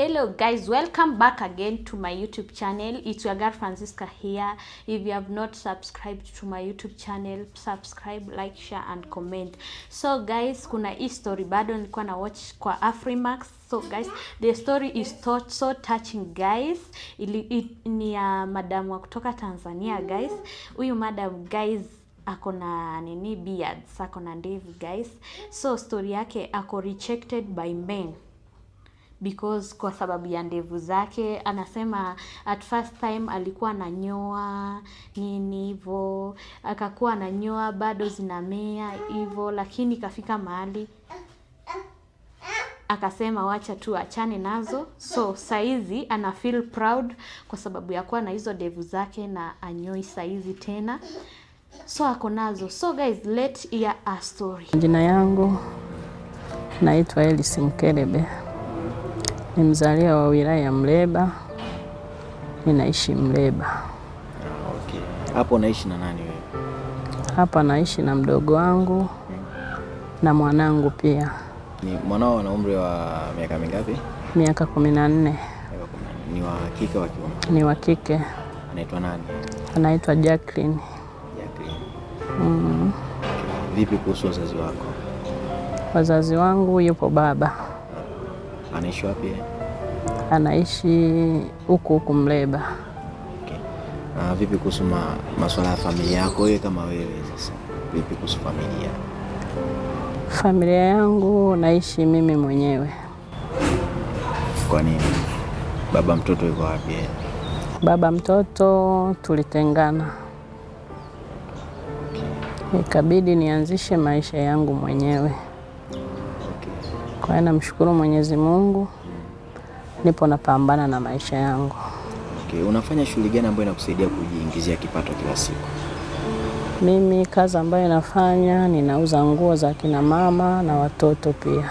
Hello guys, welcome back again to my YouTube channel. It's your girl Francisca here. If you have not subscribed to my YouTube channel, subscribe, like, share and comment. So guys, kuna hii story bado nilikuwa na watch kwa Afrimax. So guys, the story is so, so touching guys. Ili, it, ni ya madam wa kutoka Tanzania guys. Huyu madam guys ako na nini beards, ako na ndevu guys. So story yake ako rejected by men because kwa sababu ya ndevu zake. Anasema at first time alikuwa ananyoa nini hivyo, akakuwa ananyoa bado zinamea hivyo, lakini ikafika mahali akasema wacha tu achane nazo. So saizi ana feel proud kwa sababu ya kuwa na hizo ndevu zake na anyoi saizi tena, so ako nazo. So guys, let hear a story. Jina yangu naitwa Elise Mkelebe. Ni mzaliwa wa wilaya ya Mleba, ninaishi Mleba. okay. Hapo naishi na nani wewe? Hapa naishi na mdogo wangu na mwanangu pia. Ni mwanao ana umri wa miaka mingapi? Miaka kumi na nne. Ni wa kike wa kiume? Ni wa kike. Anaitwa nani? Anaitwa Jacqueline. Jacqueline. Mm. Vipi kuhusu wazazi wako? Wazazi wangu yupo baba Anaishi wapi? Anaishi huku huku Mleba. Okay. Ah, vipi kuhusu masuala ya familia yako wewe kama wewe sasa? Vipi kuhusu familia? Familia yangu naishi mimi mwenyewe. Kwa nini? Baba mtoto yuko wapi? Baba mtoto tulitengana. Okay. Ikabidi nianzishe maisha yangu mwenyewe. Kwa hiyo namshukuru Mwenyezi Mungu, nipo napambana na maisha yangu. Okay, unafanya shughuli gani ambayo inakusaidia kujiingizia kipato kila siku? Mimi kazi ambayo nafanya ninauza nguo za kina mama na watoto pia.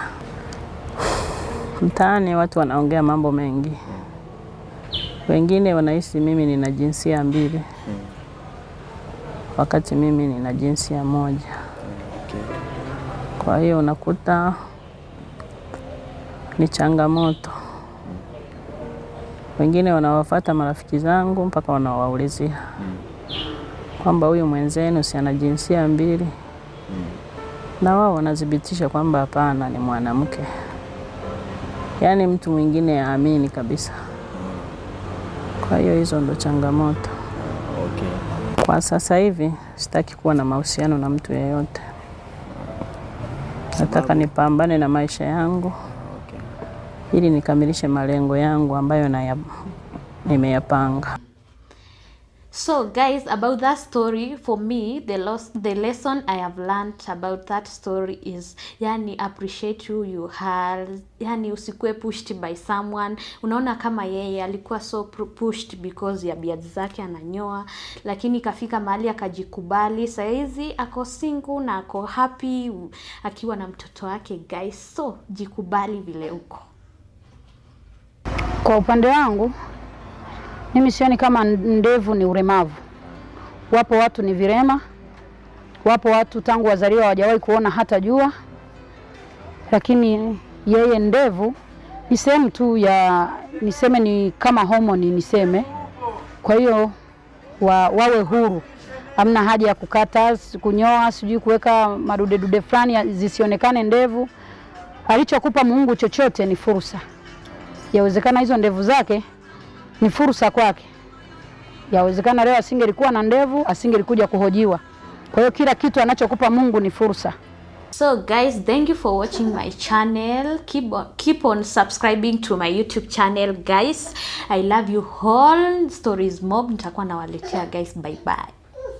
Mtaani watu wanaongea mambo mengi, wengine wanahisi mimi nina jinsia mbili wakati mimi nina jinsia moja. Kwa hiyo unakuta ni changamoto. Wengine wanawafata marafiki zangu mpaka wanawaulizia kwamba huyu mwenzenu si ana jinsia mbili, na wao wanathibitisha kwamba hapana, ni mwanamke. Yaani mtu mwingine aamini kabisa. Kwa hiyo hizo ndo changamoto. Kwa sasa hivi sitaki kuwa na mahusiano na mtu yeyote. Nataka nipambane na maisha yangu ili nikamilishe malengo yangu ambayo na nimeyapanga. So guys, about that story for me the loss, the lesson I have learned about that story is yani appreciate who you are, yani usikuwe pushed by someone. Unaona kama yeye alikuwa so pushed because ya biadi zake ananyoa, lakini kafika mahali akajikubali. Saa hizi ako single na ako happy akiwa na mtoto wake. Guys, so jikubali vile uko. Kwa upande wangu mimi sioni kama ndevu ni uremavu. Wapo watu ni virema, wapo watu tangu wazaliwa hawajawahi kuona hata jua, lakini yeye ndevu ni sehemu tu ya niseme, ni kama homoni niseme. Kwa hiyo wa, wawe huru, hamna haja ya kukata, kunyoa, sijui kuweka madudedude fulani zisionekane ndevu. Alichokupa Mungu chochote ni fursa yawezekana hizo ndevu zake ni fursa kwake, yawezekana leo asingelikuwa na ndevu asingelikuja kuhojiwa. Kwa hiyo kila kitu anachokupa Mungu ni fursa. So guys, thank you for watching my channel. Keep on, keep on subscribing to my YouTube channel guys. I love you all. Stories Mob nitakuwa nawaletea guys. Bye bye.